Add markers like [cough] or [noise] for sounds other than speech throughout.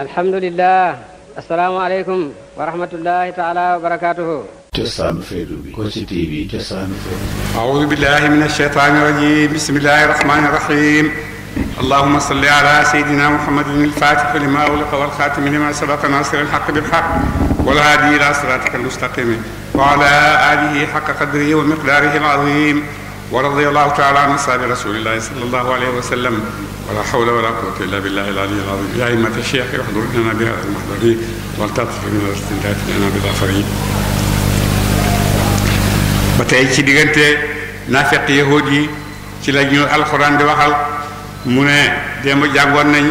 الحمد لله السلام عليكم ورحمة الله تعالى وبركاته أعوذ بالله من الشيطان الرجيم بسم الله الرحمن الرحيم اللهم صل على سيدنا محمد الفاتح لما أغلق والخاتم لما سبق ناصر الحق بالحق والهادي إلى صراطك المستقيم وعلى آله حق قدره ومقداره العظيم ورضي الله تعالى عن أصحاب رسول الله صلى الله عليه وسلم ولا حول ولا قوة إلا بالله العلي العظيم يا أئمة الشيخ احضروا لنا بهذا المحضرين والتطف من الاستمداد لنا بالآخرين ba tey ci diggante naafeq yahuud yi ci la ñu alxuraan di waxal mu ne démb jàngoon nañ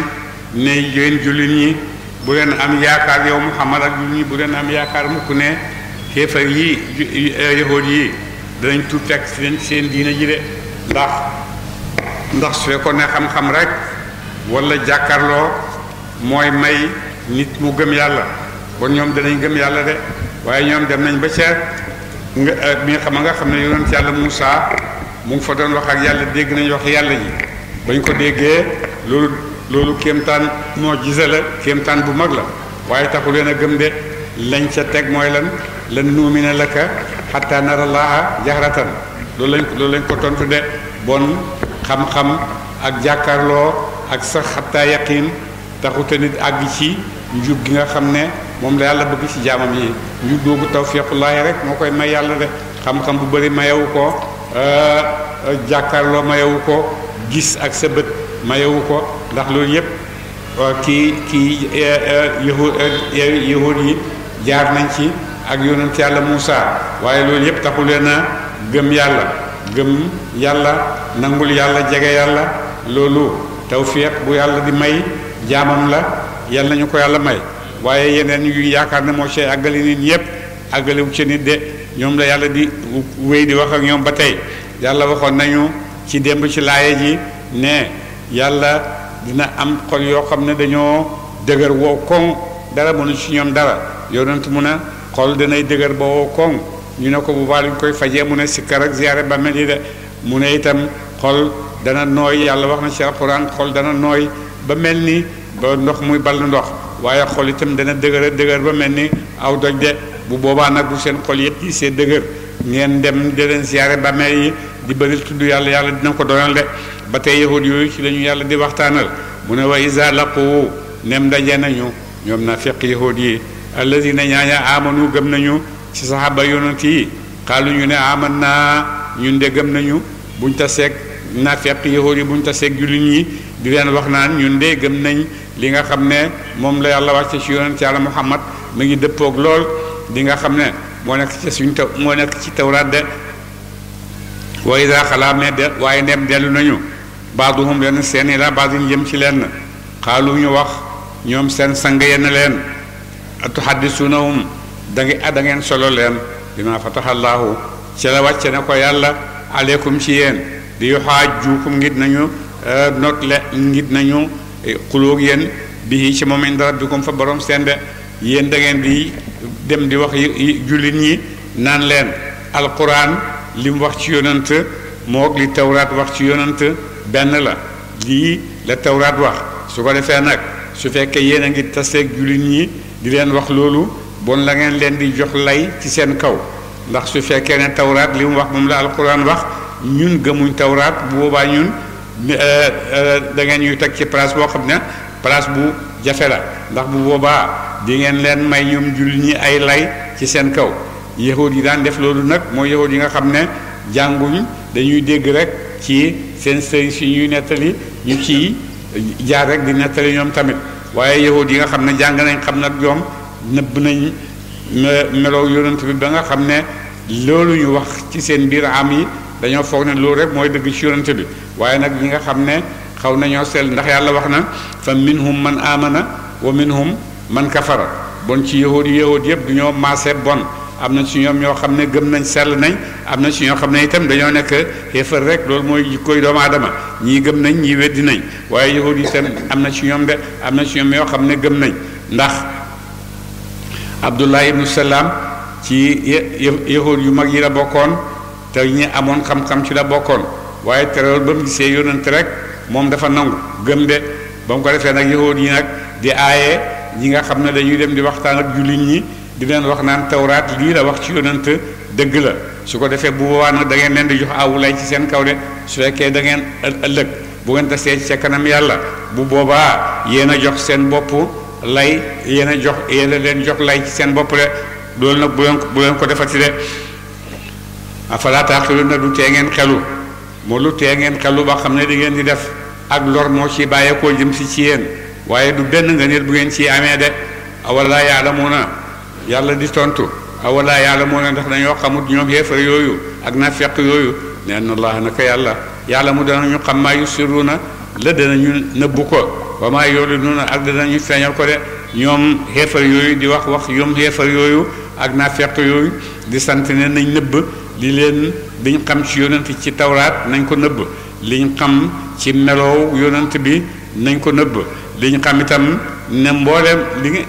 ne yéen jullit ñi bu leen am yaakaar yow Muhammad ak jullit ñi bu leen am yaakaar mukk ne xéefar yi yahuud yi danañ tuut fekk seen seen diina ji de ndax ndax su fekkoon ne xam-xam rek wala jàkkarloo mooy may nit mu gëm yàlla kon ñoom danañ gëm yàlla de waaye ñoom dem nañ ba ceeb nga bi euh, nga xam nga xam ne yonent yàlla Moussa mu ngi fa doon wax ak yàlla dégg nañ wax yàlla ji bañ ko déggee loolu loolu moo gise la kéemtaan bu mag la waaye taxu leen a gëm de lañ ca teg mooy lan lan nuumina laka xatta nara laaha jahratan loolu lañ loolu lañ ko tontu de bon xam-xam ak jàkkaarloo ak sax xataa yaqin taxute nit àgg ci njub gi nga xam ne moom la yàlla bëgg ci jaamam yi njub googu tawfiqullaahi rek moo koy may yàlla de xam-xam bu bari mayewu ko euh, jàkkaarloo mayewu ko gis ak sa bët mayewu ko ndax loolu yépp euh, kii kii euh, yahuud yahuud yi jaar nañ ci ak yonent yàlla Muusa waaye loolu yépp taxu leen a gëm yàlla gëm yàlla nangul yàlla jege yàlla loolu tawfiq bu yàlla di may jaamam la yàlla nañu ko yàlla may waaye yeneen yu yaakaar ne moo ci àggali nit ñëpp àggaliwu ci nit de ñoom la yàlla di wéy di wax ak ñoom ba tey yàlla waxoon nañu ci démb ci laaye ji ne yàlla dina am xol yoo xam ne dañoo dëgër woo koŋ dara mënu ci ñoom dara yonent mu a xol dinay dëgër ba woo koŋ ñu ne ko bu baax luñ koy fajee mu ne sikkar ak ziyaare bàmmeel yi de mu ne itam xol dana nooy yàlla wax na ci alxuraan xol dana nooy ba mel ni ba ndox muy ball ndox waaye xol itam dana dëgër a dëgër ba mel ni aw doj de bu boobaa nag bu seen xol yëpp yi see dëgër ngeen dem di leen ziyaare bàmmeel yi di bëri tudd yàlla yàlla dina ko doonal de ba tey yahud yooyu ci lañu yàlla di waxtaanal mu ne wa isa laqu nem daje nañu ñoom na feq yahud yi alladina ñaaña amanu nañu ci saxaaba yonent yi xaalu ñu ne aman naa ñun de gëm nañu buñ ta seeg naafeq yi buñ ta seeg jullit ñi di leen wax naan ñun de gëm nañ li nga xam ne moom la yàlla wàcce ci yonent yàlla muhammad mu ngi dëppoog lool li nga xam ne moo nekk ci suñ taw moo nekk ci tawraat de wa ida xalaa mais de waaye ndem dellu nañu baaduhum leen seen i la baadin jëm ci leen xaalu ñu wax ñoom seen sang yenn leen atuhaddisuunahum da ah, ngeen da ngeen solo leen dinaa fataxallaahu ci la wàcce na ko yàlla aleykum ci yéen di yu xaajjuukum ngir nañu eh, not le ngir nañu eh, xulóog yéen bi ci moom inda rabbikum fa borom seen de yéen da ngeen di dem di wax jullit ñi naan leen alquran li mu wax ci yonant moog li tawraat wax ci yonant benn la lii la tawraat wax su ko defee nag su fekkee yéen a ngi taseeg jullit ñi di leen wax loolu bon la ngeen leen di jox lay ci seen kaw ndax su fekkee ne tawraat li mu wax moom la alquran wax ñun gëmuñ tawraat bu boobaa ñun euh, euh, da ngeen ñuy teg ci place boo xam ne place bu jafe la ndax bu boobaa di ngeen leen may ñoom jullit ñi ay lay ci seen kaw yahud yi daan def loolu nag mooy yahud yi nga xam ne jànguñ dañuy dégg rek ci seen sëriñ si ñuy nettali ñu ci jaar rek di nettali ñoom tamit waaye yahud yi nga xam ne jàng nañ xam nag ñoom nëbb nañ melow yonent bi ba nga xam ne loolu ñu wax ci seen biir am yi dañoo foog ne loolu rek mooy dëgg ci yonent bi waaye nag ñi nga xam xaw nañoo sell ndax yàlla wax fa minhum man amana wa minhum man kafara bon ci yahood yahood yëpp du ñoo bon am na ci ñoom ñoo xam ne gëm nañ sell nañ am na ci ñoo xam ne itam dañoo nekk xéefar rek loolu mooy jikkooy doomu aadama ñii gëm nañ ñii weddi nañ waaye yahood itam am ci ñoom de am ci ñoom yoo gëm nañ ndax abdullah ibnu salaam ci yahud yu mag yi la bokkoon te ñi amoon xam-xam ci la bokkoon waaye terewul ba mu gisee yónnante rek moom dafa nangu gëm de ba mu ko defee nag yahud yi nag di aaye ñi nga xam ne dañuy dem di waxtaan ak jullit ñi di leen wax naan tawraat lii la wax ci yónnante dëgg la su ko defee bu boobaa nag da ngeen leen di jox awu ci seen kaw de su fekkee da ngeen ëllëg bu ngeen tasee ci kanam yàlla bu boobaa yéen a jox seen bopp lay yéen a jox yéen a leen jox lay ci seen bopp de loolu nag bu leen bu leen ko defati de afalaa taaqiluuna du tee ngeen xelu moo lu tee ngeen xelu ba xam ne di ngeen di def ak lor moo ci bàyyeekoo jëm si ci yéen waaye du benn nga nit bu ngeen ci amee de awalaa na yàlla di tontu awalaa yaalamuuna ndax dañoo xamut ñoom yéefar yooyu ak naafeq yooyu nee na allah naka yàlla yàlla mu danañu xam maa yusiruuna la danañu nëbbu ko wa maa yu'linuuna ak danañu feeñal ko de ñoom xeefar yooyu di wax wax ñoom xeefar yooyu ak naafeq yooyu di sant ne nañ nëbb li leen liñ xam ci yonent ci tawraat nañ ko nëbb liñ xam ci meloow yonent bi nañ ko nëbb liñ xam itam ne mboolem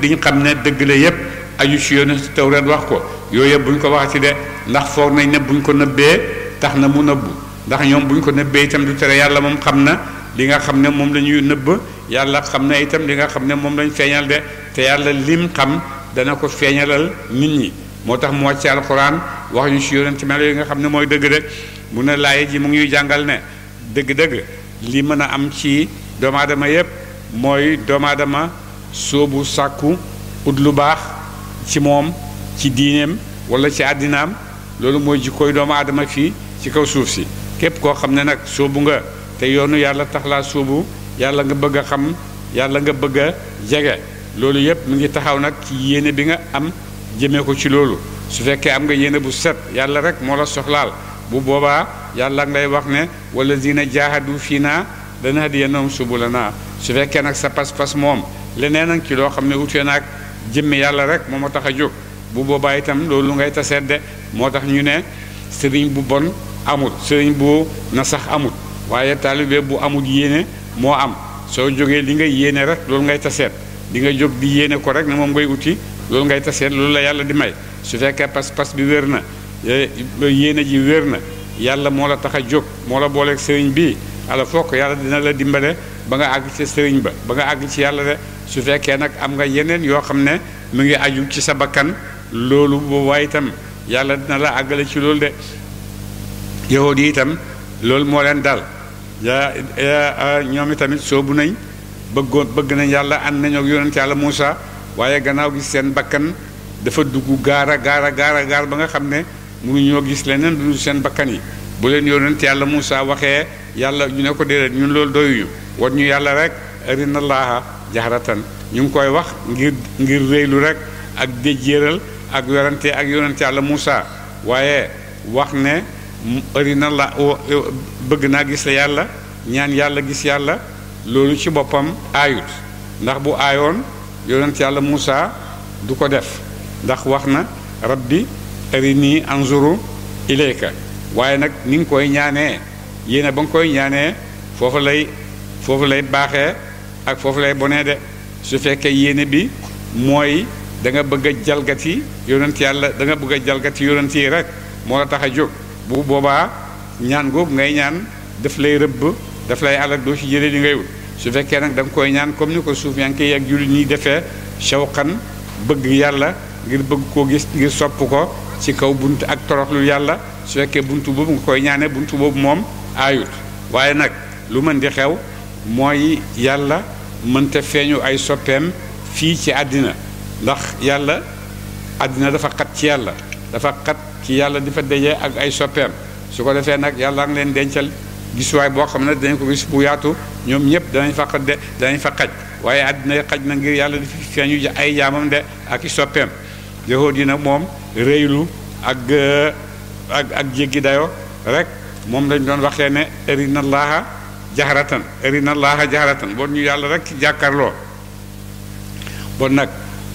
li ñu xam ne dëgg la yépp aju ci yonent tawraat wax ko yooyu yëpp buñ ko waxati de ndax foog nañ ne buñ ko nëbbee tax na mu nëbb ndax ñoom buñ ko nëbbee itam du tere yàlla moom xam na li nga xam ne moom la ñuy nëbb yàlla xam na itam li nga xam ne moom lañ feeñal de te yàlla lim xam dana ko feeñalal nit ñi moo tax mu wàcce alxuraan wax ñu si yonent melo yi nga xam ne mooy dëgg de mu ne laay ji mu ngi jàngal ne dëgg-dëgg li mën a am ci doomu aadama yépp mooy doomu aadama soobu sàkku ut lu baax ci moom ci diineem wala ci àddinaam loolu mooy jikkooy doomu aadama fii ci kaw suuf si képp koo xam ne nag soobu nga te yoonu yàlla tax laa soobu yàlla nga bëgg xam yàlla nga bëgg a jege loolu yëpp mu ngi taxaw nag ci yéene bi nga am jëmee ko ci loolu su fekkee am nga yéene bu set yàlla rek moo la soxlaal bu boobaa yàlla nga lay wax ne wala zina jaahadu fii naa dana hadiyanahum naa su fekkee nag sa pas-pas moom leneen nag ci loo xam ne wutee naag jëmme yàlla rek moom ma tax a jóg bu boobaa itam loolu ngay taseet de moo tax ñu ne sëriñ bu bon amul sëriñ bu na sax amul waaye amul yéene moo am soo jógee li ngay yéene rek loolu ngay taseet li nga jóg bi yéene ko rek ne moom ngay uti loolu ngay taseet loolu la yàlla di may su fekkee pas-pas bi wér na eh, yéene ji wér na yàlla moo la tax a jóg moo la booleeg sëriñ bii ala fokk yàlla dina la dimbale ba nga àgg ci sëriñ ba ba nga àgg ci yàlla de su fekkee nag am nga yeneen yoo xam ne mu ngi aju ci sa bakkan loolu boobaa itam yàlla dina la àggale ci loolu de yi itam loolu moo leen dal yaa ñoom itamit soobu nañ bëggoon bëgg nañ yàlla ànd nañoo ak yonent yàlla Muusa waaye gannaaw gi seen bakkan dafa dugg gaara gaara gaara gaar ba nga xam ne mu mënuñoo gis leneen du seen bakkan yi bu leen yonent yàlla Muusa waxee yàlla ñu ne ko déedéet ñun loolu doyuñu wan ñu yàlla rek arina laaha jahratan ñu ngi koy wax ngir ngir réylu rek ak déjjéeral ak yorante ak yonent yàlla Muusa waaye wax ne ëri na la e, bëgg naa gis la yàlla ñaan yàlla gis yàlla loolu ci boppam aayut ndax bu aayoon yonent yàlla Muusa du ko def ndax wax na bi arinii anzuru ilayka waaye nag ni nga koy ñaanee yéene ba nga koy ñaanee foofu lay foofu lay baaxe ak foofu lay bonee de su fekkee yéene bi mooy danga nga bëgg a jalgati yonent yàlla da nga bëgg a jalgati yonent yi rek moo la tax a jóg bu boobaa ñaan googu ngay ñaan daf lay rëbb daf lay alak doo ci jëlee li ngay su fekkee nag da koy ñaan comme ni ko suuf yaa ngi ak jullit ñi defee shawqan bëgg yàlla ngir bëgg koo gis ngir sopp ko ci kaw bunt ak toroxlu yàlla su fekkee bunt boobu nga koy ñaanee bunt boobu moom aayut waaye nag lu mën di xew mooy yàlla mënta feeñu ay soppeem fii ci àddina ndax yàlla àddina dafa xat ci yàlla dafa xat ci yàlla di fa dajee ak ay soppeem su ko defee nag yàlla ngi leen dencal gisuwaay boo xam ne dañ ko gis bu yaatu ñoom ñëpp danañ fa de fa xaj waaye àddina xaj na ngir yàlla di fi feeñu ay yaamam de ak i soppeem yahuud yi nag moom réylu ak euh, ak ak jéggi dayo rek moom lañ doon waxee ne arina allaha jahratan na allaha jahratan bon ñu yàlla rek ci jàkkarloo bon nag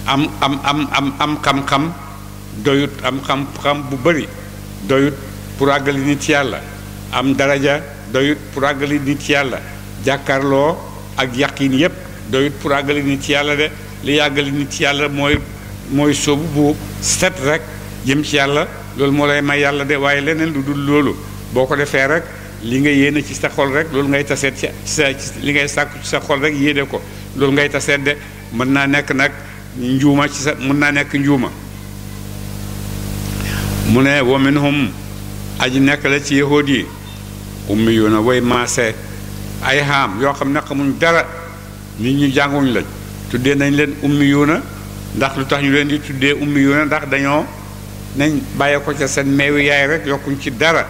am am am am am xam-xam doyut am xam-xam bu bëri doyut pour àggali nit yàlla am daraja doyut pour àggali nit yàlla jàkkaarloo ak yàqin yépp doyut pour àggali nit yàlla de li àggali nit yàlla mooy mooy sóobu bu set rek jëm ci yàlla loolu moo lay may yàlla de waaye leneen lu dul loolu boo ko defee rek li nga yéene ci sa xol rek loolu ngay taseet ci sa li ngay sàkku ci sa xol rek yéene ko loolu ngay taseet de mën naa nekk nag njuuma ci sa mën naa nekk njuuma mu ne wa minhum aji nekk la ci yahud yi ummi yu na way maase ay xaam yoo xam ne xamuñ dara nit ñu jànguñ lañ tuddee nañ leen ummi yu na ndax lu tax ñu leen di tuddee ummi yu ndax dañoo nañ bàyyee ko ca seen meewi yaay rek yokkuñ ci dara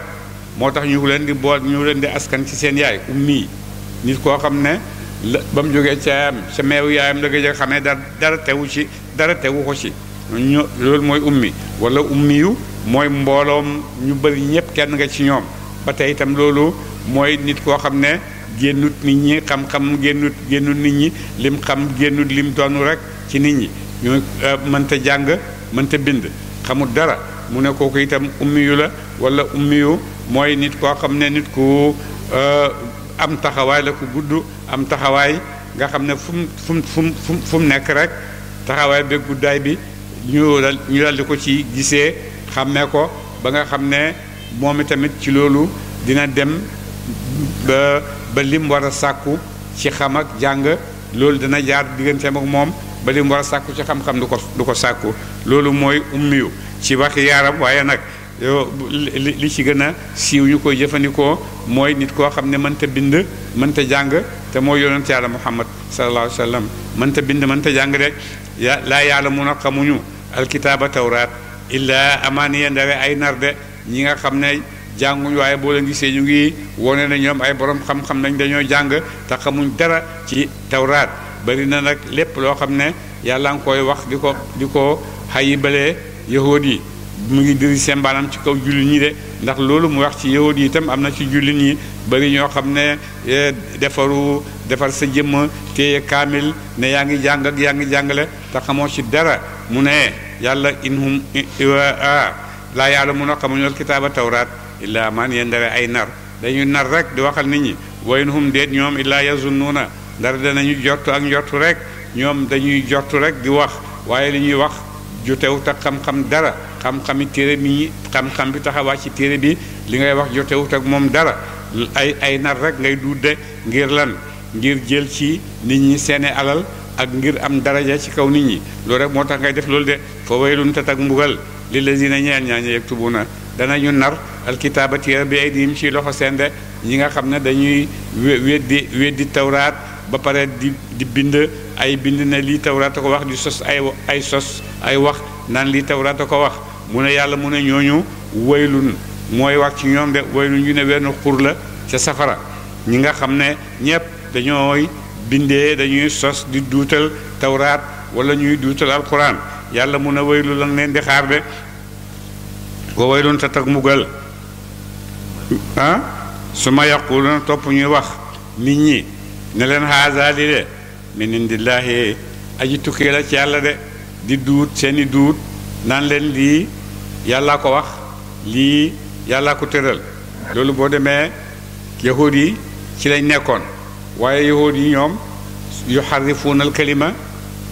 moo tax ñu leen di bool ñu leen di askan ci seen yaay ummi nit koo xam ne ba mu jógee caayam sa meewu yaayam la gëj a xamee dara dara tewu ci dara tewu ko ci ño loolu mooy ummi wala ummi mooy mbooloom ñu bëri ñëpp kenn nga ci ñoom ba tey itam loolu mooy nit koo xam ne génnut nit ñi xam-xam génnut génnut nit ñi lim xam génnut lim doonu rek ci nit ñi ñu euh, mënta jàng mënta bind xamul dara mu ne kooku itam ummiyu la wala ummiyu mooy nit koo xam ne nit ku euh, am taxawaay la ku gudd am taxawaay nga xam ne fum mu fu mu nekk rek taxawaay bi guddaay bi ñu ñu daldi ko ci gisee xàmmee ko ba nga xam ne moom tamit ci loolu dina dem ba ba lim war a sàkku ci xam ak jàng loolu dana jaar digganteem ak moom ba lim war a sàkku ci xam-xam du ko du ko sàkku loolu mooy ummiyu ci waxi yaaram waaye nag li ci gën a siiw ñu koy jëfandikoo mooy nit koo xam ne mënta bind mënta jàng te mooy yonent yàlla muhammad sallallahu alayhi wa sallam mënta bind mënta jàng rek laa yàlla mun a xamuñu alkitaaba tawraat illaa amaaniya ndawe ay narde ñi nga xam ne jànguñ waaye boo leen gisee ñu ngi wone na ñoom ay borom xam-xam lañ dañoo jàng te xamuñ dara ci tawraat bari na nag lépp loo xam ne yàlla nga koy wax di ko di ko xayibalee yahood yi mu ngi diri seen baanaam ci kaw jullit ñi de ndax loolu mu wax ci yahood yi itam am na ci jullit ñi bari ñoo xam ne eh, defaru defar sa jëmm téye kaamil ne yaa ngi jàng ak yaa ngi jàngale te xamoo ci dara mu ne yàlla inhum a laa ya'lamuuna xamuñu alkitaaba tawraat illaa man yendare ay nar dañuy nar rek di waxal nit ñi wa inhum déet ñoom illaa yazunnuuna ndara danañu jortu ak njortu rek ñoom dañuy jortu rek di wax waaye li ñuy wax jotewu tak xam-xam dara xam-xami téere bi xam-xam bi taxawaat ci téere bi li ngay wax jotewut ak moom dara ay ay nar rek ngay duude ngir lan ngir jël ci nit ñi seeni alal ak ngir am daraja ci kaw nit ñi loolu rek moo tax ngay def loolu de fa waylun tat ak mbugal li la dina ñeel ñaaña yaktubuuna danañu nar alkitaaba téere bi aydihim ci loxo seen de ñi nga xam ne dañuy weddi weddi tawraat ba pare di di bind ay bind ne lii tawraat a ko wax di sos ay ay sos ay wax naan lii tawraat a ko wax mu ne yàlla mu ne ñooñu waylun mooy wax ci ñoom de waylun ñu ne wenn xur la ca safara ñi nga xam ne ñëpp dañooy bindee dañuy sos di duutal tawraat wala ñuy duutal alquran yàlla mun a waylu lan leen di xaar de wa waylun tat ak mbugal ah su ma yaquluna topp ñuy wax nit ñi ne leen xaasaali de min indillaahi aji tukkee ci yàlla de di duut seeni duut naan leen lii yàllaa ko wax lii yàllaa ko tëral loolu boo demee yahud yi ci lañ nekkoon waaye yahuud yi ñoom yuxarrifuuna alkalima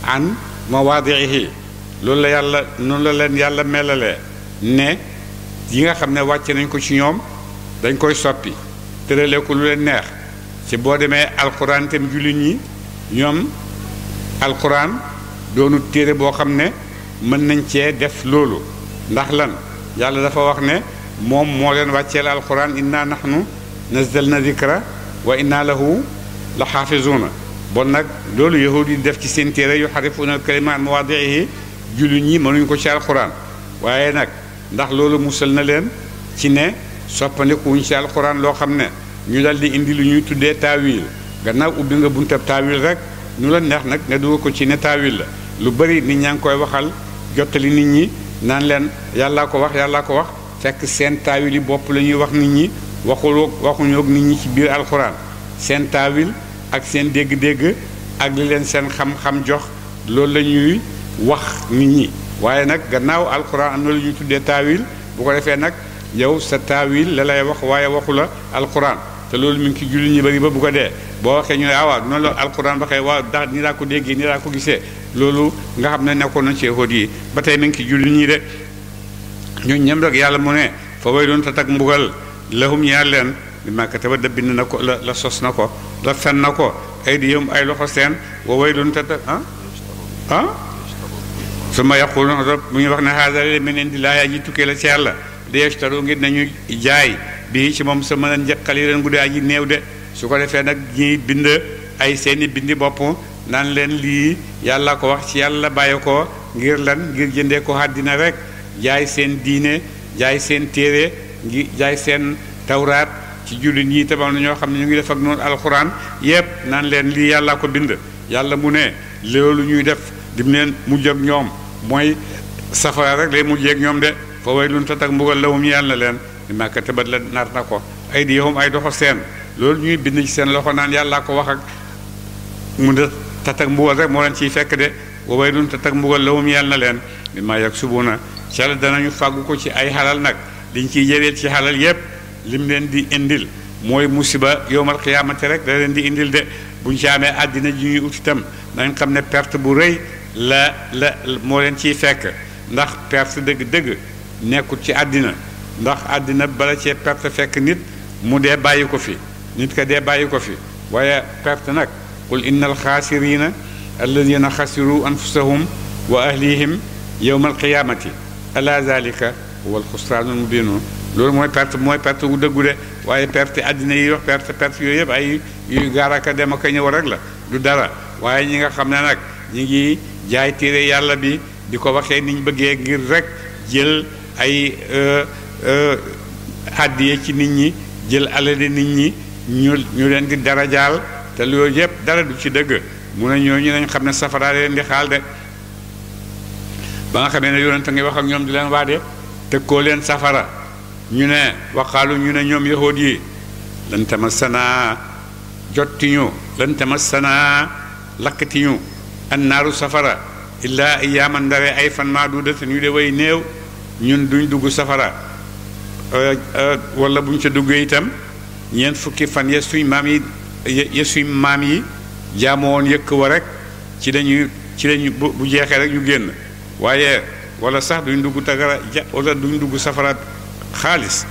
an mawaadiihi loolu la yàlla noonu la leen yàlla melalee ne yi nga xam ne wàcce nañ ko ci ñoom dañ koy soppi tëralee ko lu leen neex ci boo demee alquran itam jullit ñi ñoom alquran doonu téere boo xam ne mën nañ cee def loolu ndax lan yàlla dafa wax ne moom moo leen wàcceel alquran inna nahnu nazzalna dikra wa inna lahu la xaafizuuna bon nag loolu yahud yi def ci seen téere yu xarifuuna al-kalima an mawaadiihi jullit ñi mënuñu ko ci alquran waaye nag ndax loolu musal na leen ci ne soppandikuwuñ ci alquran loo xam ne ñu dal di indi lu ñuy tuddee taawil gannaaw ubbi nga buntab taawil rek ñu la neex nag nga dugal ko ci ne taawil la lu bëri nit ñaa ngi koy waxal jottali nit ñi naan leen yàllaa ko wax yàlla ko wax fekk seen taawil yi bopp la ñuy wax nit ñi waxuloo waxuñoo nit ñi ci biir alquran seen taawil ak seen dégg-dégg ak li leen seen xam-xam jox loolu lañuy wax nit ñi waaye nag gannaaw alquran am na lu ñuy tuddee taawil bu ko defee nag yow sa taawil la lay wax waaye waxu la alquran te loolu mi ngi ci jullit ñi bari ba bu ko dee boo waxee ñu ne awaaw ah noonu la alquran waxee waaw ndax nii laa ko déggee nii laa ko gisee loolu nga xam ne nekkoon na ci yahood yi ba tey mi ki ci jullit ñi de ñun ñem rek yàlla mu ne fa way doon tatak mbugal lahum ñaar leen bi ma kataba da bind na ko la sos na ko la fen na ko ay ay loxo seen wa waylun te ah ah su ma yàqul mu ngi wax ne xaasal mi neen di laa yaa ji tukkee la ci yàlla di yestaru ngir nañu jaay bii ci moom sa mën a njëqal yi leen guddi aji de su ko defee nag ñiy bind ay seeni bindi bopp naan leen lii yàlla ko wax ci yàlla bàyyi ko ngir lan ngir jëndee ko àddina rek jaay seen diine jaay seen téere ngi jaay seen tawraat ci jullit ñi itam am ñoo xam ne ñu ngi def ak noonu alxuraan yépp naan leen lii yàllaa ko bind yàlla mu ne loolu ñuy def dim leen mujj ak ñoom mooy safara rek lay mujjee ak ñoom de fa way lun tatak mbugal la yàlla leen di màkkatabat la nar na ko ay di yowum ay doxo seen loolu ñuy bind ci seen loxo naan yàllaa ko wax ak mu ne tatak mbugal rek moo leen ciy fekk de wa way lun tatak mbugal la yàlla leen di maa yag subu na ci dana danañu fàggu ko ci ay xalal nag liñ ciy jëlee ci xalal yépp lim leen di indil mooy musiba yowmal xiyaamati rek da leen di indil de buñ ci amee àddina ji ñuy ut itam nañ xam ne perte bu rëy la la moo leen ciy fekk ndax perte dëgg-dëgg nekkul ci àddina ndax àddina bala cee perte fekk nit mu dee bàyyi ko fi nit ka dee bàyyi ko fi waaye perte nag qul inna alxaasirina alladina xasiru anfusahum wa ahlihim yowma alqiyaamati ala zalika huwa alxusraanu almubinu loolu mooy perte mooy perte wu dëggu de waaye perte àddina yi wax perte perte yooyu yëpp ay yu gaaraka dem ak ñëw rek la du dara waaye ñi nga xam ne nag ñi ngi jaay téere yàlla bi di ko waxee niñ bëggee ngir rekk jël ay euh, euh, àddiye ci nit ñi jël alali nit ñi ñu ñu leen di dara jaal te loolu yëpp dara du ci dëgg mu ne ñooñu nañ xam ne safaraa leen di xaal de ba nga xamee ne yonent ngi wax ak ñoom di leen waade koo leen safara ñu ne waqaalu ñu ne ñoom yahood yi lan sanaa jottiñu lan tamassana lakkatiñu annaaru safara illaa ayaaman ndare ay fan maadudatin yu de way néew ñun duñ dugg safara euh, euh, wala buñ ca duggee itam ñeent fukki fan ya suñ maam yi ya suñ maam yi jaamoon yëkk wa rek ci dañuy ci bu jeexee rek ñu génn waaye walla sax duñ dugg tagara wala duñ dugg safara xaalis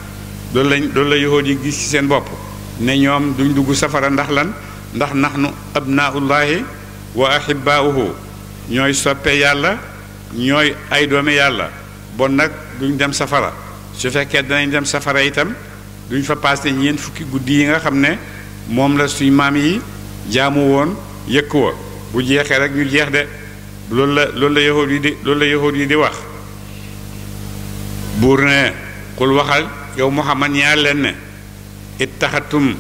loolu lañ loolu la yahood yi gis ci seen bopp ne ñoom duñ dugg safara ndax lan ndax nahnu abnaullahi wa ahibaauhu ñooy soppe yàlla ñooy ay doomi yàlla bon nag duñ dem safara su fekkee danañ dem safara itam duñ fa passé ñeent fukki guddi yi nga xam ne moom la suñ maam yi jaamu woon yëkk wa bu jeexee rek ñu jeex de loolu la loolu la yahood yi di loolu la yahood yi di wax buur ne xul waxal yow muhammad ñaa leen ne taxatum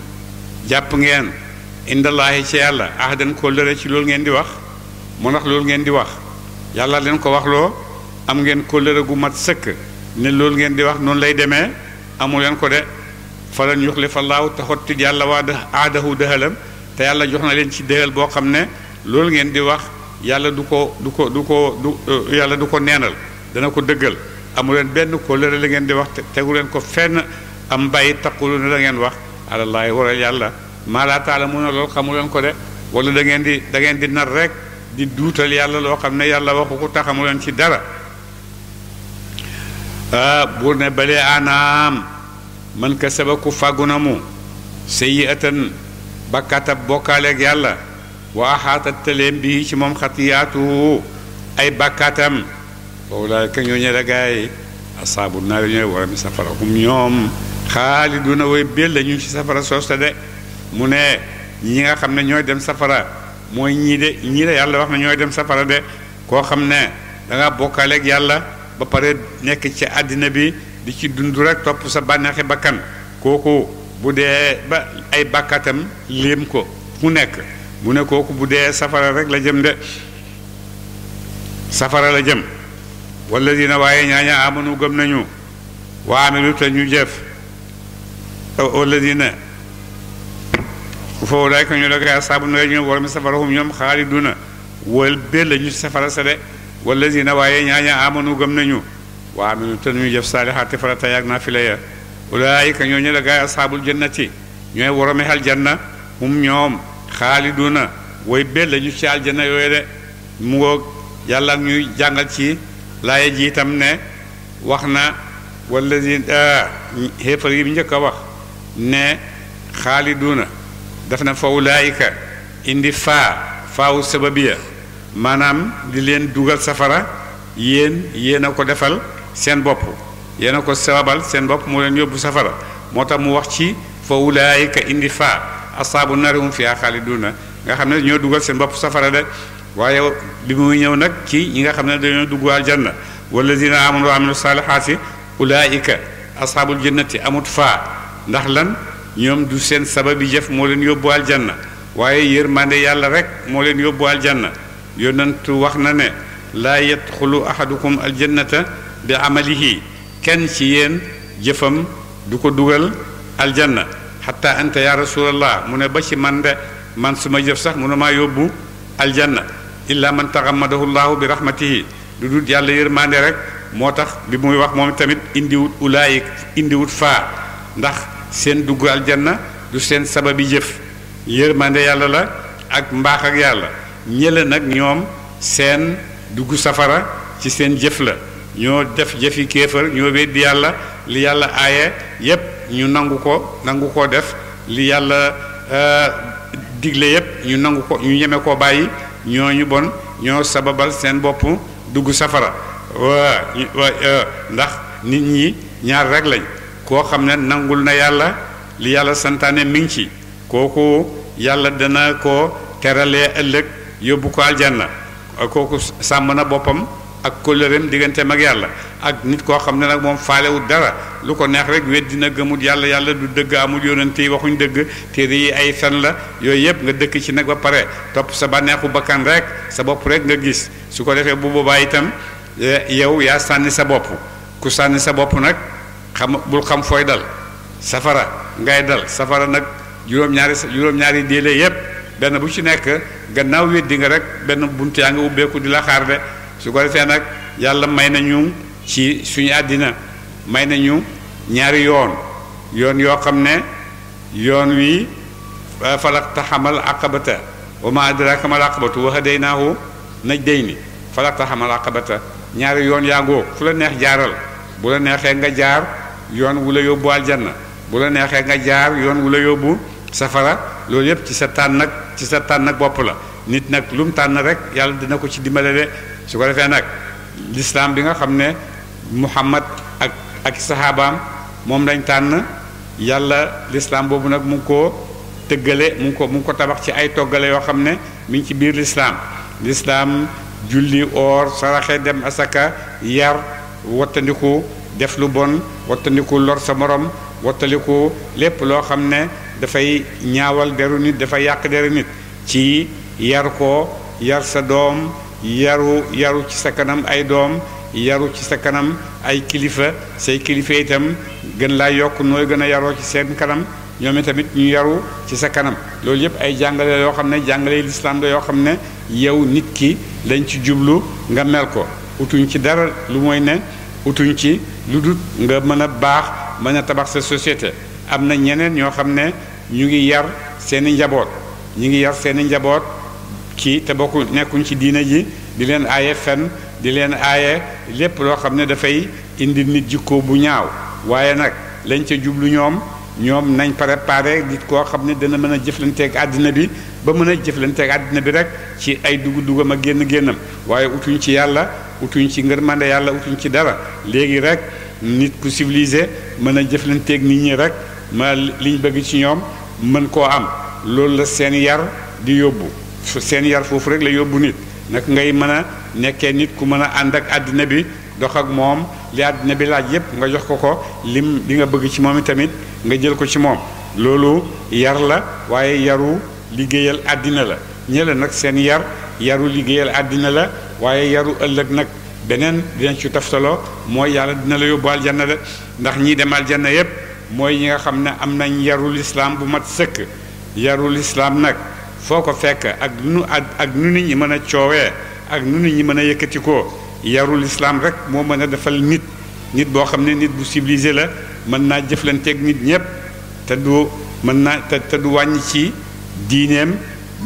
jàpp ngeen indallaahi ci yàlla ahdan kóllëre ci loolu ngeen di wax moo ndax loolu ngeen di wax yàlla leen ko waxloo am ngeen kóllëre gu mat sëkk ne loolu ngeen di wax noonu lay demee amu leen ko de falan yuxlifa laaw te xotti yàlla waa aadahu dëhalam te yàlla jox na leen ci dëhal boo xam ne loolu ngeen di wax yàlla du ko du ko du ko du euh, yàlla du ko neenal dana ko dëggal amu leen benn kóllëre la ngeen di wax tegu leen ko fenn am bàyyi taqulu ne da ngeen wax alallaay waral yàlla maa laa taalamuuna loolu xamu leen ko de wala da ngeen di dangeen di nar rek di duutal yàlla loo xam ne yàlla waxu ko te leen ci dara ah, buur ne balee anaam man ka sabaku fàggu na mu sayi atan bakkatab bokkaaleeg yàlla waa xaata tëleem ci moom xatiyaatu ay bakkaatam boobu ulaayka ñoo ñe da gaa yi asaabu naar ñooy war a mi safara hum ñoom xaaliduna way bél la ci safara soos de mu ne ñi nga xam ne ñooy dem safara mooy ñii de ñii de yàlla wax na ñooy dem safara de koo xam ne danga bokkaleek yàlla ba pare nekk ci àddina bi di ci dund rek topp sa bànneexi bakkan kooku bu dee ba ay bàkkatam léem ko mu nekk mu ne kooku bu dee safara rek la jëm de safara la jëm walladina waaye ñaaña amanu gëm nañu wa amilu te ñu jëf walladina foofu laay ko ñu la koy na ñu war mi safarahum ñoom xaaliduna wal bel la ñu ci safara sa de walladina waaye ñaaña amanu gëm nañu wa amilu te ñu jëf ñoo ñu la gaay asaabul jannati ñooy woromi aljanna hum ñoom xaaliduna way bel la ñu ci aljanna yooyu de mu ngoog yàlla ñuy jàngal ci laaya ji itam ne wax na wallazi ah, xéefar yi njëkk a wax ne xaaliduuna daf na fa ulaayika indi faa faawu sababiya maanaam di leen dugal safara yéen yéen a ko defal seen bopp yéen a ko saabal seen bopp moo leen yóbbu safara moo tax mu wax ci fa ulaayika indi faa asaabu narihum fiha xaaliduuna nga xam ne ñoo dugal seen bopp safara de waaye bi muy ñëw nag ci ñi nga xam ne dañoo dugg aljanna walladina amanu wa amilu saalihaati ulaika ashaabul jannati amut faa ndax lan ñoom du seen sababi jëf moo leen yóbbu aljanna waaye mande yàlla rek moo leen yóbbu janna yonent wax na ne laa yadxulu ahadukum jannata bi amalihi kenn ci yéen jëfam du ko dugal janna xatta anta ya rasulallah mu ne ba ci man de man suma jëf sax mu ne maa yóbbu al janna illa man taghammadahu allah bi rahmatihi dudut yalla manderek, rek motax bi muy wax mom tamit indi wut ulaik indi wut fa ndax sen dugu aljanna du sen sababi jëf yermande yalla la ak mbax ak yalla ñele nak ñom sen dugu safara ci sen jëf la ñoo def jëfi kéefar ñoo weddi yàlla li yàlla ñu def li yàlla euh, digle yépp ñu nangu ñu ñooñu bon ñoo sababal seen bopp dugg safara waa euh, ndax nit ñi ñaar rek lañ koo xam ne nangul na yàlla li yàlla santaane mi ngi ci kooku yàlla dana ko teralee ëllëg yóbbu ko aljanna kooku sàmm na boppam ak kóllëreem digganteem ak yàlla ak nit koo xam ne nag moom faalewul dara lu ko neex rek weddina gëmul yàlla yàlla du dëgg amul yonent yi waxuñu dëgg téere yi ay fen la yooyu yëpp nga dëkk ci nag ba pare topp sa bànneexu bakkan rek sa bopp rek nga gis su ko defee bu boobaa itam eh, yow yaa sànni sa bopp ku sànni sa bopp nag xam bul xam fooy dal safara ngay dal safara nag juróom-ñaari juróom-ñaari déele yëpp benn bu ci nekk gannaaw weddi nga rek benn bunt yaa nga ubbeeku di la xaar de su ko defee nag yàlla may nañu ci suñu àddina may na nañu ñaari yoon yoon yoo xam ne yoon wi falak taxamal aqabata wa ma adraka mal aqabatu wa hadaynaahu najdayni falak taxamal aqabata ñaari yoon yaa ngoo fu la neex jaaral bu la neexee nga jaar yoon wu la yóbbu aljanna bu la neexee nga jaar yoon wu la yóbbu safara loolu yépp ci sa tànn nag ci sa tànn nag bopp la nit nag lum tànn rek yàlla dina ko ci dimbale de su ko defee nag lislaam bi nga xam ne muhammad ak ak sahabaam moom lañ tànn yàlla lislaam boobu nag mu ngi koo tëggale mu ngi ko mu ko tabax ci ay toggale yoo xam ne mi ngi ci biir lislaam lislaam julli oor saraxe dem asaka yar wattandiku def lu bon wattandiku lor sa morom wattaliku lépp loo xam ne dafay ñaawal deru nit dafa yàq deru nit ci yar ko yar sa doom yaru yaru ci sa kanam ay doom yaru ci sa kanam ay kilifa say kilifa itam gën laa yokk nooy gën a yaroo ci seen kanam ñoom tamit ñu yaru ci sa kanam loolu yëpp ay jàngale yoo xam ne jàngale lislaam la yoo xam ne yow nit ki lañ ci jublu nga mel ko utuñ ci dara lu mooy ne utuñ ci lu dut nga mën a baax mën a tabax sa société am na ñeneen ñoo xam ne ñu ngi yar seeni njaboot ñu ngi yar seeni njaboot ci te bokku nekkuñ ci diina ji di leen aaye fenn di leen aaye lépp loo xam ne dafay indi nit jikko bu ñaaw waaye nag lañ ca jublu ñoom ñoom nañ préparé nit koo xam ne dana mën a jëflanteeg àddina bi ba mën a jëflanteeg àddina bi rek ci ay dugg duggam ak génn génnam waaye utuñ ci yàlla utuñ ci ngërmande yàlla utuñ ci dara léegi rek nit ku civilisé mën a jëflanteeg nit ñi rek ma liñ bëgg ci ñoom mën koo am loolu la seen yar di yóbbu seen yar foofu rek la yóbbu nit nag ngay mën a nekkee nit ku mën a ànd ak àddina bi dox ak moom li àddina bi laaj yépp nga jox ko ko lim li nga bëgg ci moom tamit nga jël ko ci moom loolu yar la waaye yaru liggéeyal àddina la ñële nag seen yar yaru liggéeyal àddina la waaye yaru ëllëg nag beneen dinañ ci taftaloo mooy yàlla dina la yóbbu aljanna de ndax ñii dem aljanna yépp mooy ñi nga xam ne am nañ yaru lislaam bu mat sëkk yaru lislaam nag foo ko fekk ak nu ak nu nit ñi mën a coowee ak nu nit ñi mën a yëkkati ko yarul islaam rek moo mën a defal nit nit boo xam ne nit bu civilisé la mën naa jëflanteeg nit ñépp te du mën naa te du wàññi ci diineem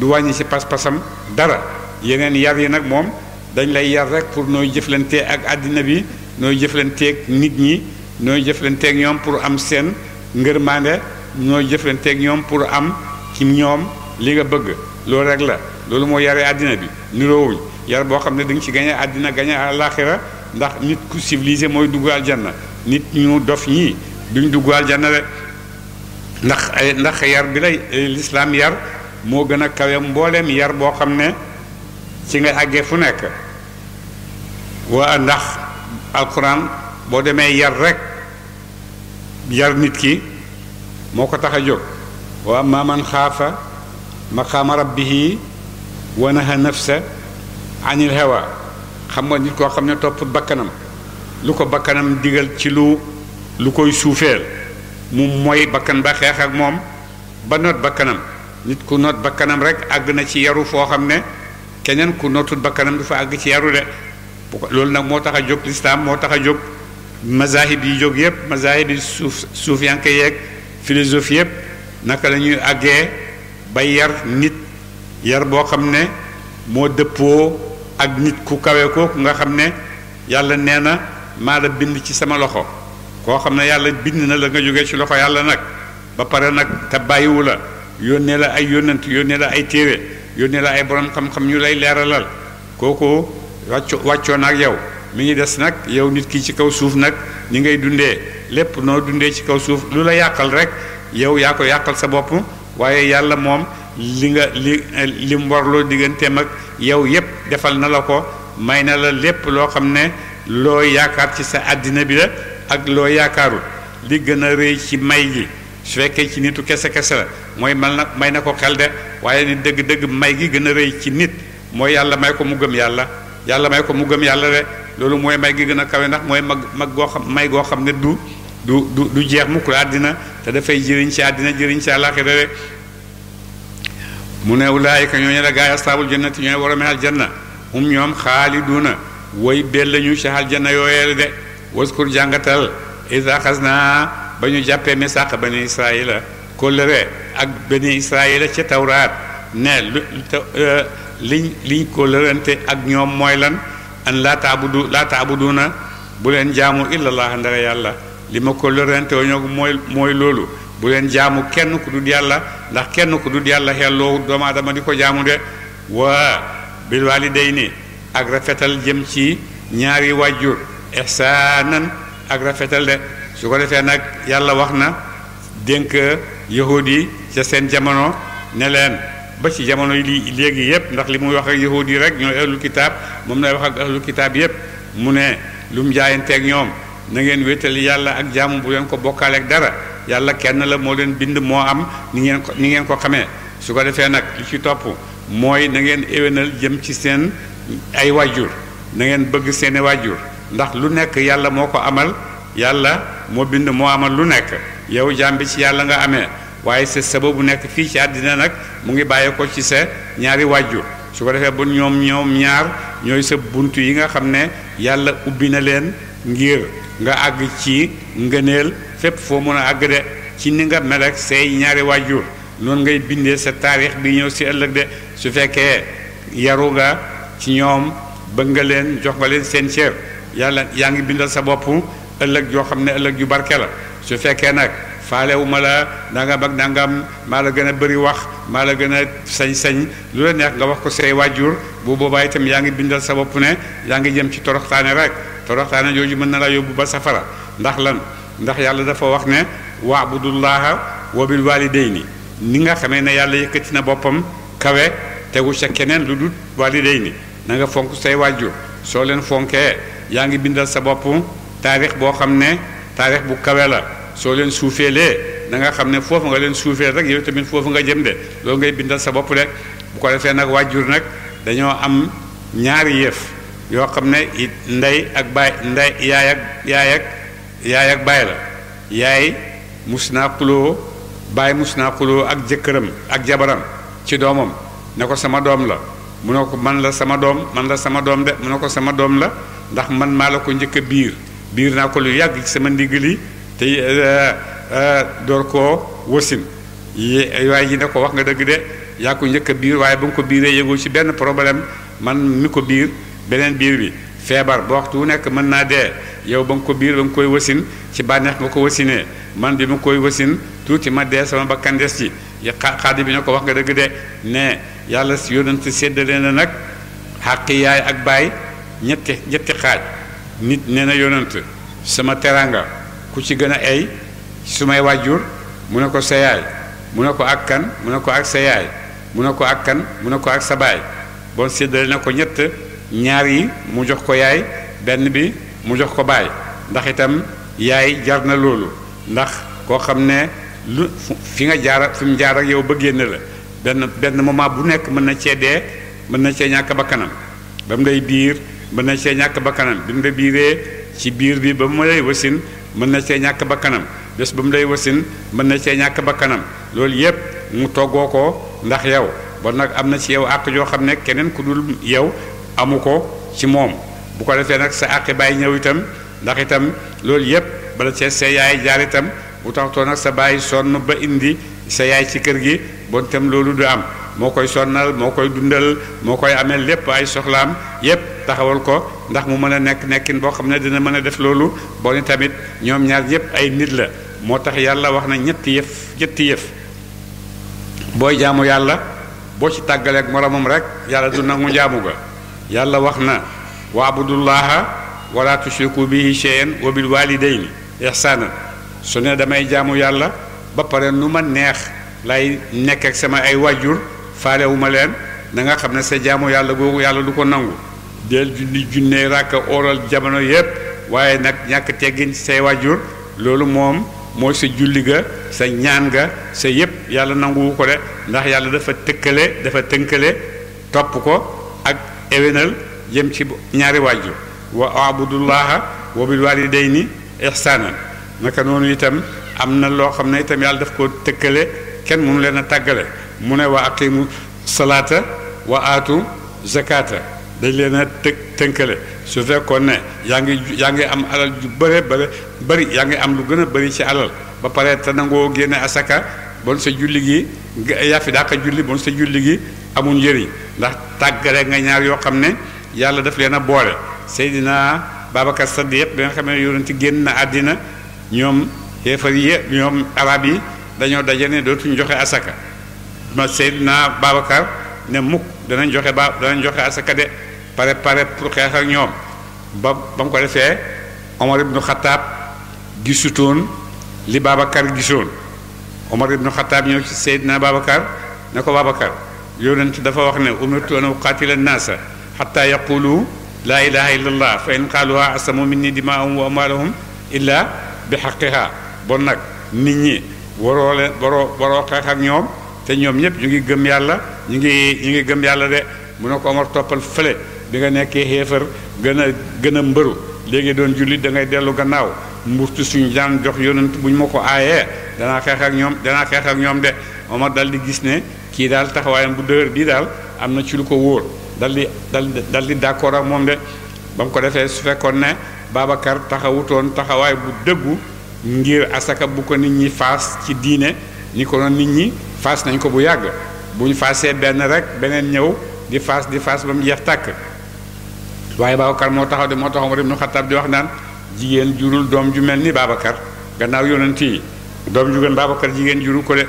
du wàññi ci pas-pasam dara yeneen yar yi nag moom dañ lay yar rek pour nooy jëflantee ak àddina bi nooy jëflanteeg nit ñi nooy jëflanteeg ñoom pour am seen ngërmaande nooy jëflanteeg ñoom pour am ci ñoom li nga bëgg loolu rek la loolu moo yaree àddina bi niroowuñ yar boo xam ne da nga ci gañe àddina gañe àllaaxira ndax nit ku civilisé mooy dugg aljanna nit ñu dof ñii duñ dugg aljanna de ndax eh, ndax yar bi lay eh, lislaam yar moo gën a kawe mbooleem yar boo xam ne ci nga àggee fu nekk waa ndax alquran boo demee yar rek yar nit ki moo ko tax a jóg waa maaman xaafa maqaama rabbihi wa naha nafsa anil hawa xam nga nit koo xam ne topp bakkanam lu ko bakkanam digal ci lu lu koy suufeel mu mooy bakkan ba xeex ak moom ba noot bakkanam nit ku noot bakkanam rek àgg na ci yaru foo xam ne keneen ku nootul bakkanam du fa àgg ci yaru de loolu nag moo tax a jóg lislaam moo tax a jóg mazahib yi jóg yépp mazahib yi suuf suufiyanke yeeg philosophie yépp naka la ñuy àggee ba yar nit yar boo xam ne moo dëppoo ak nit ku kawe kooku nga xam ne yàlla nee na maa la bind ci sama loxo koo xam ne yàlla bind na la nga jóge ci loxo yàlla nag ba pare nag te bàyyiwu la yónnee la ay yónnant yónnee la ay téere yónnee la ay borom xam-xam ñu lay leeralal kooku wàcco wàccoo na ak yow mi ngi des nag yow nit ki ci kaw suuf nag ñi ngay dundee lépp noo dundee ci kaw suuf lu la yàqal rek yow yaa ko yàqal sa bopp waaye yàlla moom li nga li eh, li mu warloo digganteem ak yow yépp defal na la ko may na la lépp loo xam ne loo yaakaar ci sa àddina bi la ak loo yaakaarul li gën a rëy ci may gi su fekkee ci nitu kese kese la mooy mal na may na ko xel de waaye ni dëgg-dëgg may gi gën a rëy ci nit mooy yàlla may ko mu gëm yàlla yàlla may ko mu gëm yàlla de loolu mooy may gi gën a kawe ndax mooy mag mag goo xam may goo xam ne du du du du jeex mukk la àddina te dafay jëriñ ci àddina jëriñ ci àllaaxira rek mu ne ulaayika ñooñu la gaay astaabul jannati ñooy war a mel aljanna hum ñoom xaaliduuna way bel lañu ci aljanna yooyeel de waskur jàngatal isa xas ak bani israila ca tawraat ne lu e, liñ liñ ak ñoom mooy lan an laa taabudu laa taabuduuna bu leen jaamu illa allah ndara yàlla li ma ko lërante wa ñoog mooy mooy loolu bu leen jaamu kenn ku dul yàlla ndax kenn ku dul yàlla xelloo doomu aadama di ko jaamu de waa bil ni ak rafetal jëm ci ñaari wàjjur ihsaanan ak rafetal de su ko defee nag yàlla wax na dénk yahud yi ca seen jamono ne leen ba ci jamono yi léegi yépp ndax li muy wax ak yahud yi rek ñooy ahlul kitaab moom lay wax ak ahlul kitaab yépp mu ne lu mu jaayanteeg ñoom na ngeen wéetali yàlla ak jaamu bu leen ko bokkaaleek dara yàlla kenn la moo leen bind moo am ni ngeen ko ni ngeen ko xamee su ko defee nag lu ci topp mooy na ngeen éwénal jëm ci seen ay waajur na ngeen bëgg seeni waajur ndax lu nekk yàlla moo ko amal yàlla moo bind moo amal lu nekk yow jaam bi ci yàlla nga amee waaye sa sababu nekk fii ci àddina nag mu ngi bàyyee ko ci sa ñaari waajur su ko defee ba ñoom ñoom ñaar ñooy sa bunt yi nga xam ne yàlla ubbi na leen ngir nga àgg ci ngëneel fépp foo mën a àgg de ci ni nga mel say ñaari waajur noonu ngay bindee sa taarix bi ñëw si ëllëg de su fekkee yaru nga ci ñoom bëgg nga leen jox nga leen seen cër yàlla yaa ngi bindal sa bopp ëllëg yoo xam ne ëllëg yu barke la su fekkee nag faalewu ma la nangam ak nangam maa la gën a bëri wax maa la gën a sañ-sañ lu la neex nga wax ko say waajur bu boobaa itam yaa ngi bindal sa bopp ne yaa ngi jëm ci toroxtaane rek toroxtaane jooju mën na laa yóbbu ba safara ndax lan ndax yàlla dafa wax ne waabudullaha wa bil walidayni ni nga xamee ne yàlla yëkkati na boppam kawe tegu ca keneen lu dul walidayni na nga fonk say wàjjur soo leen fonkee yaa ngi bindal sa bopp taarix boo xam ne taarix bu kawe la soo leen suufeelee da nga xam ne foofu nga leen suufeel rek yow tamit foofu nga jëm de loolu ngay bindal sa bopp rek bu ko defee nag wàjjur nag dañoo am ñaari yëf yoo xam ne ndey ak baay ndey yaay ak yaay ak yaay ak baay la yaay mus naa xuloo baay mus naa xuloo ak jëkkëram ak jabaram ci doomam ne ko sama doom la mu ne ko man la sama doom man la sama doom de mu ne ko sama doom la ndax man maa la ko njëkk a biir biir naa ko lu yàgg ci sama ndigg li te eh, eh, door koo wasin waaye ji ne ko wax nga dëgg de yaa ko njëkk biir waaye ba nga ko biiree yëgoo ci benn problème man mi ko biir beneen biir bi feebar ba waxtu wu nekk mën naa dee yow ba nga ko biir ba nga koy wasin ci bànneex nga ko wasinee man bi ma koy wasin tuuti ma dee sama bakkan des ci xaadi bi ne ko wax nga dëgg de nee yàlla yónnante séddale na nag xàqi yaay ak baay ñetti ñetti xaaj nit nee na yónnante sama teranga ku ci gën a ay su may wàjjur mu ne ko sa yaay mu ne ko ak kan mu ne ko ak sa yaay mu ne ko ak kan mu ne ko ak sa baay bon séddale na ko ñett ñaar yi mu jox ko yaay benn bi mu jox ko baay ndax itam yaay jar na loolu ndax koo xam ne lu fi nga jaar fi mu jaar ak yow ba génn la benn benn moment bu nekk mën na cee dee mën na cee ñàkk ba kanam ba biir mën na cee ñàkk ba kanam biiree ci biir bi ba mu lay mën na cee ñàkk ba kanam bés ba mu lay mën na cee ñàkk ba loolu yépp mu toggoo ko ndax yow bon nag am na ci yow àq joo xam ne keneen ku dul yow amu ko ci moom bu ko defee nag sa àqi bàyyi ñëw itam ndax itam loolu yépp bala see sa yaay jaar itam bu taxutoo nag sa bàyyi sonn ba indi sa yaay ci kër gi bon itam loolu du am moo koy sonnal moo koy dundal moo koy amee lépp ay soxlaam yépp taxawal ko ndax mu mën a nekk nekkin boo xam ne dina mën a def loolu bon ni tamit ñoom ñaar yépp ay nit la moo tax yàlla wax na ñetti yëf ñetti yëf booy jaamu yàlla boo ci tàggaleeg moromam rek yàlla du nangu jaamu ga yàlla wax na wa abudullaha wala tushriku bihi shay'an wa bil walidayni ihsaanan su ne damay jaamu yàlla ba pare nu neex lay nekk ak sama ay wàjjur faalewu ma leen na nga xam sa jaamu yàlla googu yàlla du ko nangu del julli junne ràkka oral jamono yépp waaye nag ñàkk teggin say wàjjur loolu moom mooy sa julli ga sa ñaan ga sa yépp yàlla nanguwu ko de ndax yàlla dafa tëkkale dafa tënkale topp ko ewenal jëm ci ñaari wajju wa abudullaha wa bil walidayni ihsana naka nonu itam amna lo xamne itam yàlla daf ko tëkkale ken mu leen a tàggale mu ne wa aqimu salata wa atu zakata dañ leena tekkale su fekkone yaangi yaangi am alal ju bëre bëre bari yaangi am lu gëna bari ci alal ba pare tanango gene asaka bon sa julli gi yafi daka julli bon sa julli gi amul njëriñ ndax tàggale nga ñaar yoo xam ne yàlla daf leen a boole Seydina Babacar Saddiq bi nga xam ne yonent génn na àddina ñoom xeefar yi ñoom arab yi dañoo daje ne dootuñ joxe asaka ma Seydina Babacar ne mukk danañ joxe ba danañ joxe asaka de pare pare pour xeex ak ñoom ba ba mu ko defee Omar ibnu Xataab gisutoon li Babacar gisoon Omar ibnu Xataab ñoom ci Seydina Babacar ne ko Babacar يونت دفا وخنا امرت ان اقاتل الناس حتى يقولوا لا اله الا الله فان قالوها اسموا مني دماءهم واموالهم الا بحقها بونك نيت ني ورول برو برو خخ اك نيوم تي نيوم نيب نيغي گم يالا نيغي نيغي گم يالا دي منوكو عمر توبل فلي بيغا نيكي هيفر گنا دون جولي دا غاي ديلو گناو مبرتو جان جوخ يونت مكو ايه دانا خخ اك نيوم دانا خخ اك نيوم دالدي گيس kii daal taxawaayam bu dëgër bii daal am na ci lu ko wóor dal di dal dal ak moom de ba ko defee su fekkoon ne Babacar taxawutoon taxawaay bu dëggu ngir asaka bu ko nit ñi faas ci diine ni ko nit ñi faas nañ ko bu yàgg bu ñu faasee benn rek beneen ñëw di faas di faas ba mu jeex tàkk waaye Babacar moo taxaw de moo tax Omar ibnu Xattaab di wax naan jigéen jurul doom ju mel ni Babacar gannaaw yonent yi doom ju gën Babacar jigéen jurul ko de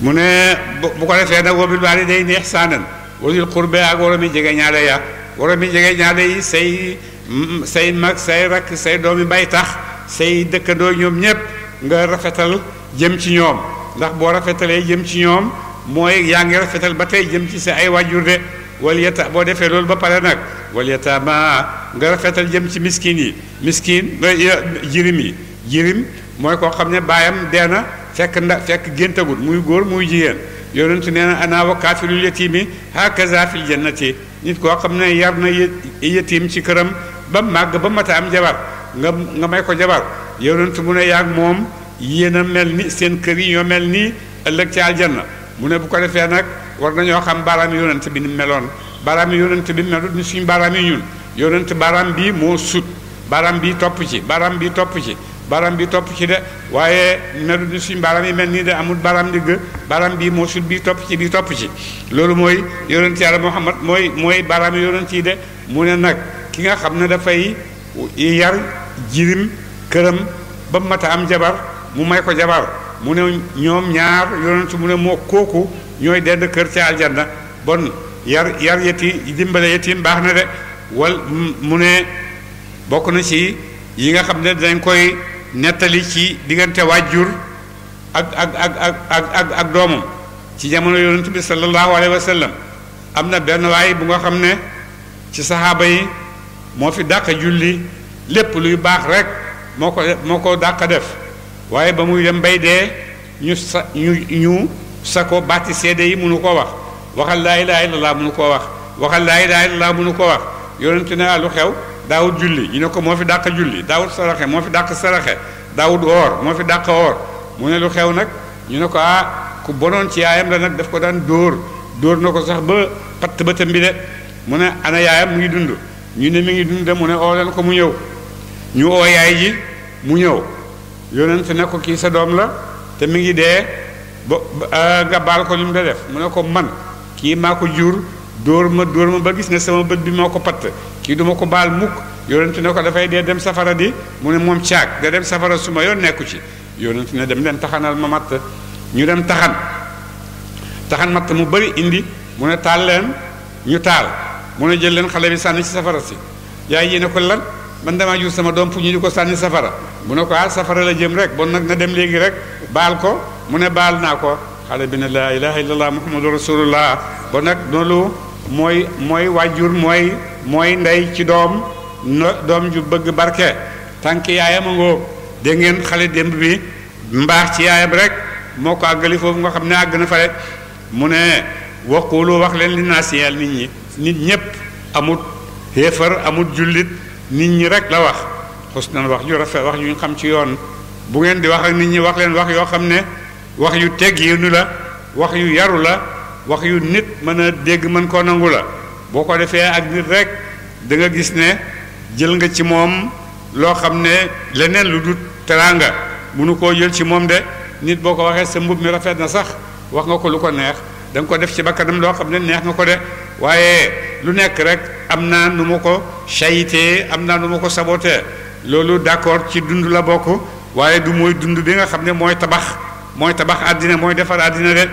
mu ne bu ko defee nag wabil baali day neex saanan wasil xurbe ak waroomi jege ñaale ya waroomi jege ñaale yi say mm, say mag say rakk say doomi bay tax say dëkkandoo ñoom ñépp nga rafetal jëm ci ñoom ndax boo rafetalee jëm ci ñoom mooy yaa ngi ba tey jëm ci sa ay wàjjur de wal yata boo defee loolu ba pare nag wal yataama nga rafetal jëm ci miskin yi miskin jirim yi jirim mooy koo xam ne baayam dee na fekk nda fekk géntagul muy góor muy jigéen yonentu nee na ana wa kaafilul yatiimi hakaza fil jannati nit koo xam ne yar na yatiim ci këram ba màgg ba mata am jabar nga nga may ko jabar yonentu mu ne yaag mom yéen a sen ni seen kër yi ñoo mel ci aljanna mu ne bu ko defee nag war nañoo xam baaraam yonent bi ni meloon baaraam yonent bi melut ni suñu baaraam yi ñun yonent baram bi moo sut baaraam bii topp ci baaraam bii topp ci baram bi top ci de waaye melut ni suñ baram yi mel de amul baram digg baram bii moo sut bii topp ci bii topp ci loolu mooy yonent yàlla Muhammad mooy mooy baram yi de mu ne nak, ki nga xam ne dafay yar jirim këram ba mu mat am jabar mu may ko jabar mu ne ñoom ñaar yonent mu ne mo koku, ñooy dend kër ca aljanna bon yar yar yeti dimbale yetim baax na de wal mu ne bokk na ci yi nga xam dañ koy nettali ci diggante waajur ak ak ak ak ak ak doomam ci jamono yonent bi sallallahu alayhi wa am na benn waay bu nga xam ne ci saxaaba yi moo fi dàq julli lépp luy baax rek moo ko moo ko dàq def waaye ba muy dem bay dee ñu sa ñu ñu sa ko baati seede yi mënu ko wax waxal laa ilaaha illallaah mënu koo wax waxal laa ilaaha illallaah mënu koo wax yonent ne ah, lu xew daawut julli ñu ne ko moo fi dàq julli daawut saraxe moo fi dàq saraxe daawut oor moo fi dàq oor mu ne lu xew nag ñu ne ko ah ku bonoon ci yaayam la nag daf ko daan dóor dóor na ko sax ba patt ba tëmbi de mu ne ana yaayam mu ngi dund ñu ne mi ngi dund de mu ne oo leen ko mu ñëw ñu oo yaay ji mu ñëw yonent ne ko kii sa doom la te mi ngi dee ba ah, nga baal ko li mu da def mu ne ko man kii maa jur dóor ma dóor ma ba gis ne sama bët bi moo ko patt kii duma ko baal mukk yonent ne ko dafay dee dem safara di mu ne moom caag da dem safara su ma yoon nekku ci yonent ne dem leen taxanal ma matt ñu dem taxan taxan matt mu bari indi mu ne taal leen ñu taal mu ne jël leen xale bi sànni ci safara si yaay ji ne ko lan man damaa jur sama doom fu di ko sànni safara mu ne ko ah safara la jëm rek bon nag na dem léegi rek baal ko mu ne baal naa ko xale bi ne laa ilaha illallah muhammadu rasulullah bon nag noonu mooy mooy wàjjur mooy mooy ndey ci doom doom ju bëgg barke tànk yaayam a ngoo dégg ngeen xale démb bi mbaax ci yaayam rek moo ko àggali foofu nga xam ne àgg na fa mu ne waqulu wax leen li naasiyal nit ñi nit ñépp amut xéefar amut jullit nit ñi rek la wax xusnan wax ju rafet wax ju ñu xam ci yoon bu ngeen di wax ak nit ñi wax leen wax yoo xam ne wax yu teg yi nu la wax yu yaru la wax yu nit mën a dégg mën koo nangu la boo ko defee ak nit rek da nga gis ne jël nga ci moom loo xam ne leneen lu dul teraanga nu ko jël ci moom de nit boo ko waxee sa mbub mi rafet na sax wax nga ko lu ko neex danga ko def ci bakkanam loo xam ne neex nga ko de waaye lu nekk rek am naa nu ma ko saytee am naa nu ma ko sabotee loolu d'accord ci dund la bokk waaye du mooy dund bi nga xam ne mooy tabax mooy tabax àddina mooy defar àddina de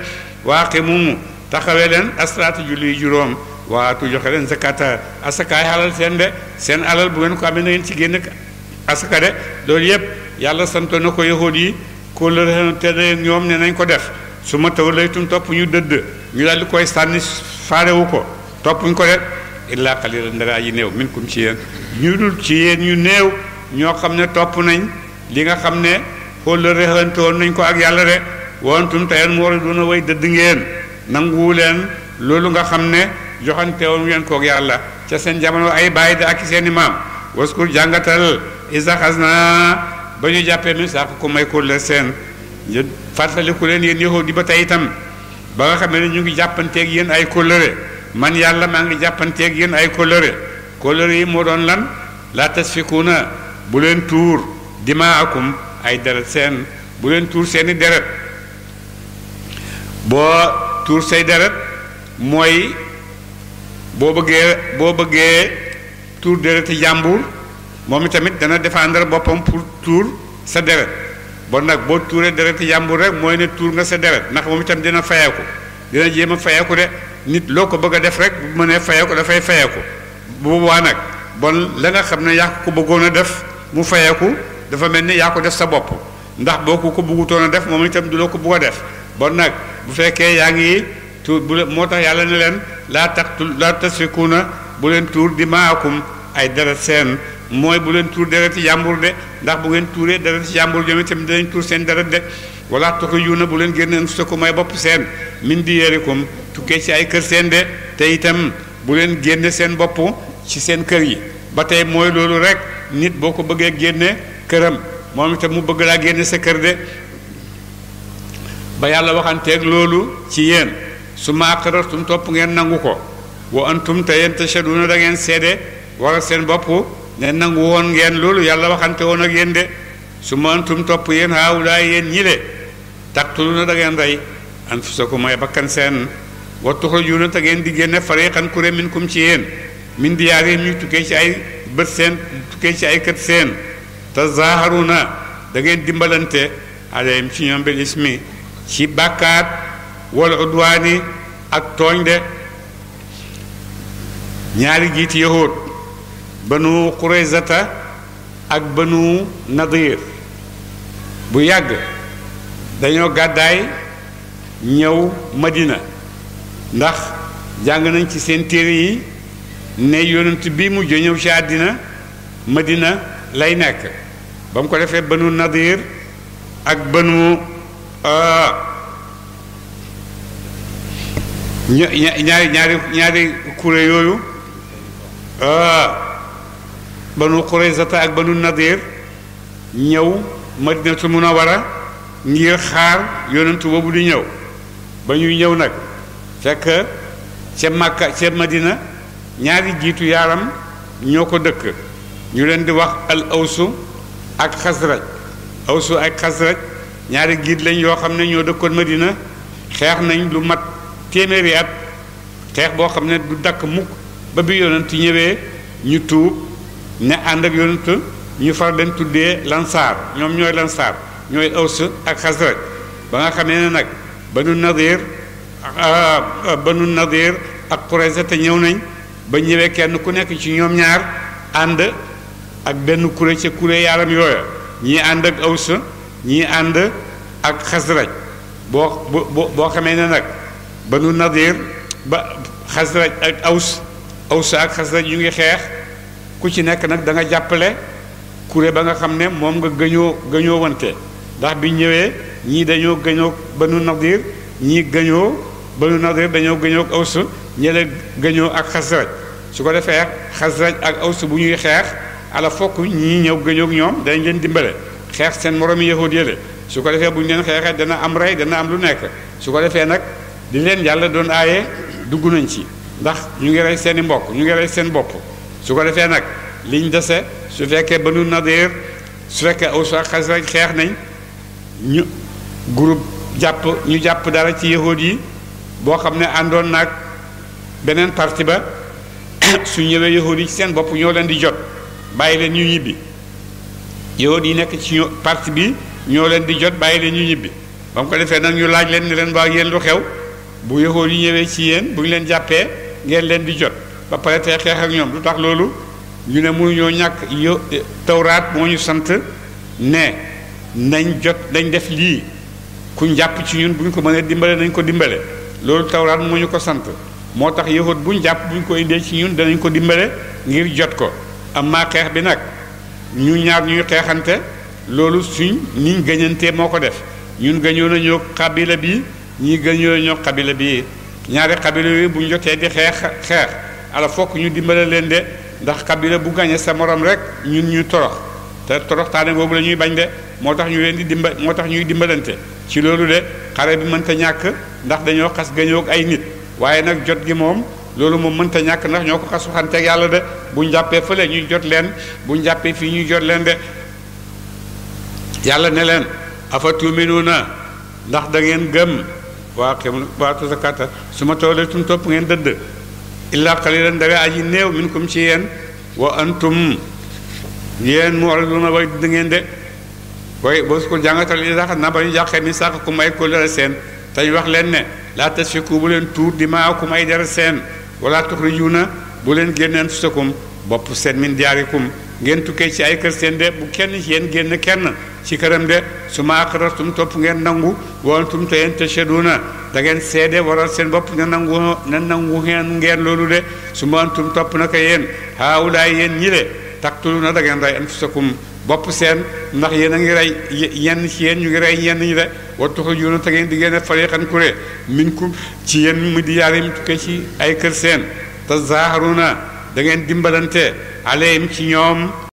waaqimu taxawee leen astraat julli juróom waatu joxe leen zakata asakaay alal seen de seen alal bu ngeen ko amee na ngeen ci génn asaka de loolu yëpp yàlla santoon na ko yahood yi kóllëre te ñoom ne nañ ko def su ma taw laytum topp ñu dëdd ñu daal di koy sànni faarewu ko toppuñ ko de illaa qalilan yi néew minkum ci yéen ñu dul ci yéen ñu néew ñoo xam ne topp nañ li nga xam ne kóllëre woon nañ ko ak yàlla de wantum tayeen mu war a duna way dëdd ngeen nanguwu leen loolu nga xam ne joxantewoon ngeen koog yàlla ca seen jamono ay bàyyi da ak seen i maam waskur jàngatal isaxas na ba ñu jàppee mi saako ko may ko seen fàttaliku leen yéen yoxoo di ba tey itam ba nga xam ne ñu ngi jàppanteeg yéen ay kóllëre man yàlla maa ngi jàppanteeg yéen ay kóllëre kóllëre yi moo doon lan la na bu leen tuur dimaakum ay deret seen bu leen tuur seeni deret boo tuur say deret mooy boo bëggee boo bëggee tuur dereti jàmbur moom itamit dana défendre boppam pour tuur sa deret bon nag boo tuuree dereti jàmbur rek mooy ne tuur nga sa deret ndax moom itam dina fayeeku dina jéem a fayeeku de nit loo ko bëgg a def rek bu mënee fayeeku dafay fayeeku bu waa nag bon la nga xam ne yaa ko bëggoon a def mu fayeeku dafa mel ni yaa ko def sa bopp ndax boo ko ko bëggutoon a def moom itam du loo ko bugg a def bon nag bu fekkee yaa ngi tuur bu moo tax yàlla ne leen laa taqtul laa na bu leen tuur dimaakum ay deret seen mooy bu leen tuur dereti yàmbur de ndax bu ngeen tuuree dereti yàmbur ñoom itam dinañ tuur seen deret de wala tuxrijuuna bu leen génneen su ko may bopp seen min diyarikum tukkee ci ay kër seen de te itam bu leen génne seen bopp ci seen kër yi ba tey mooy loolu rek nit boo ko bëggee génne këram moom itam mu bëgg laa génne sa kër de ba yàlla waxanteeg loolu ci yéen su ma maaqarartum topp ngeen nangu ko wa antum te yéen tashaduna da ngeen seede waral seen bopp ne nangu woon ngeen loolu yàlla waxante woon ak yéen de su ma antum topp yéen haawulaay yéen ñile taqtuluna da ngeen rey anfusakum may bakkan seen wa tuxrajuna te ngeen di génne fariqan kuré minkum ci yéen min diyaarihim ñu tukkee ci ay bët seen ci ay kët seen te zaaharuna da ngeen dimbalante alayhim ci ñoom bil ismi ci bàkkaat wala udwaani ak tooñ de ñaari jiiti yahud banu xurayzata ak bënu nadir bu yàgg dañoo gàddaay ñëw madina ndax jàng nañ ci seen téere yi ne yonent bi mujj ñëw ci àddina madina lay nekk ba mu ko defee banu nadir ak banu Ah. ña ñaari ñaari ñaari kuréel yooyu ah. banu Quraysata ak banu Nadir ñëw Madinatul Munawara ngir xaar yonentu boobu di ñëw ba ñuy ñëw nag fekk ca Makka ca Madina ñaari jiitu yaaram ñoo ko dëkk ñu leen di wax al awsu ak xasraj awsu ak xasraj ñaari giid lañ yoo xam ne ñoo dëkkoon Madina xeex nañ lu mat téeméeri at xeex boo xam ne du dakk mukk ba bi yonent ñëwee ñu tuub ne ànd ak yonent ñu far leen tuddee lansaar ñoom ñooy lansaar ñooy aws ak xasraj ba nga xamee ne nag banu nadir ah, ah, banu nadir ak Qurayza te ñëw nañ ba ñëwee kenn ku nekk ci ñoom ñaar ànd ak benn kuré ca kuré yaaram yooya ñii ànd ak aws ñii ànd ak xasraj boo boo boo xamee ne nag ba nu nadir ba xasraj ak aws aws ak xasraj yu ngi xeex ku ci nekk nag danga jàppale kuré ba nga xam ne moom nga gëñoo gëñoo wante ndax bi ñëwee ñii dañoo gëñoo banu nadir ñii gëñoo banu nadir dañoo gëñoo ak aws ñële gëñoo ak xasraj su ko defee xasraj ak aws bu ñuy xeex ala fokk ñii ñëw gëñoo ñoom dañ leen dimbale xeex seen moromi yahud yële su ko defee bu ñu leen xeexee dana am rey dana am lu nekk su ko defee nag di leen yàlla doon aaye dugg nañ ci ndax ñu ngi rey seen mbokk ñu ngi rey seen bopp su defee nag liñ dese su fekkee banu nadir su fekkee aw sa xeex nañ ñu groupe jàpp ñu jàpp dara ci yahud yi boo xam ne àndoon nag beneen parti ba [coughs] su ñëwee yahud yi ci seen bopp ñoo leen di jot bàyyi leen ñu ñibbi yahud yi nekk ci parti bi ñoo leen di jot bàyyi leen ñu ñibbi ba mu ko defee nag ñu laaj leen ne leen waa yéen lu xew bu yahud yi ñëwee ci yéen bu ñu leen jàppee ngeen leen di jot ba pare tey xeex ak ñoom lu tax loolu ñu ne mënuñoo ñàkk yo eh, tawraat moo ñu sant ne nañ jot nañ def lii ku jàpp ci ñun bu ñu ko mënee dimbale nañ ko dimbale loolu tawraat moo ñu ko sant moo tax yahud bu ñu jàpp bu ñu ko indee ci ñun danañ ko dimbale ngir jot ko am maa bi nag ñu ñaar ñuy xeexante loolu suñ niñ gëñantee moo ko def ñun gëñoo nañoo xabila bi ñii gëñoo nañoo xabila bi ñaari xabila bi bu ñu jotee di xeex xeex ala fokk ñu dimbale leen de ndax xabila bu gañe sa morom rek ñun ñu torox te toroxtaane boobu lañuy bañ de moo tax ñu leen di dimbal moo tax ñuy dimbalante ci loolu de xare bi mënta ñàkk ndax dañoo xas gëñoo ay nit waaye nag jot gi moom loolu moom mënta ñàkk ndax ñoo ko xas waxante ak yàlla de bu ñu fa fële ñuy jot leen bu ñu jàppee fii ñuy jot leen de yàlla ne leen afa tuuminuuna ndax da ngeen gëm waa xim waatu zakata su ma toolee tum topp ngeen dëdd illaa leen dawee yi néew minkum ci yéen wa antum yéen mu'riduna way dëdd ngeen de waaye boo su ko jàngatal li sax na ba ñu jàqee mi sàq ku may seen te ñu wax leen ne laa tasfiku bu leen tuur dimaakum ay dere seen wala tuxrijuuna bu leen génneen fusakum bopp seen min diyaarikum ngeen tukkee ci ay kër seen de bu kenn ci yéen génn kenn ci këram de su ma aqrartum topp ngeen nangu woontum te yéen tashhaduuna da ngeen seede waral seen bopp na nangu na nangu ngeen ngeen loolu de su ma antum topp na ko yéen haawulaay yéen ñi de taqtuluuna da ngeen rey anfusakum bopp seen ndax yéen a ngi rey yenn ci yéen ñu ngi rey ñenn ñi de wa tuxrijuuna te ngeen di génne fariqan kuré minkum ci yéen mu di yàlla yi tukkee ci ay kër seen te zaaharuuna da ngeen dimbalante aleyhim ci ñoom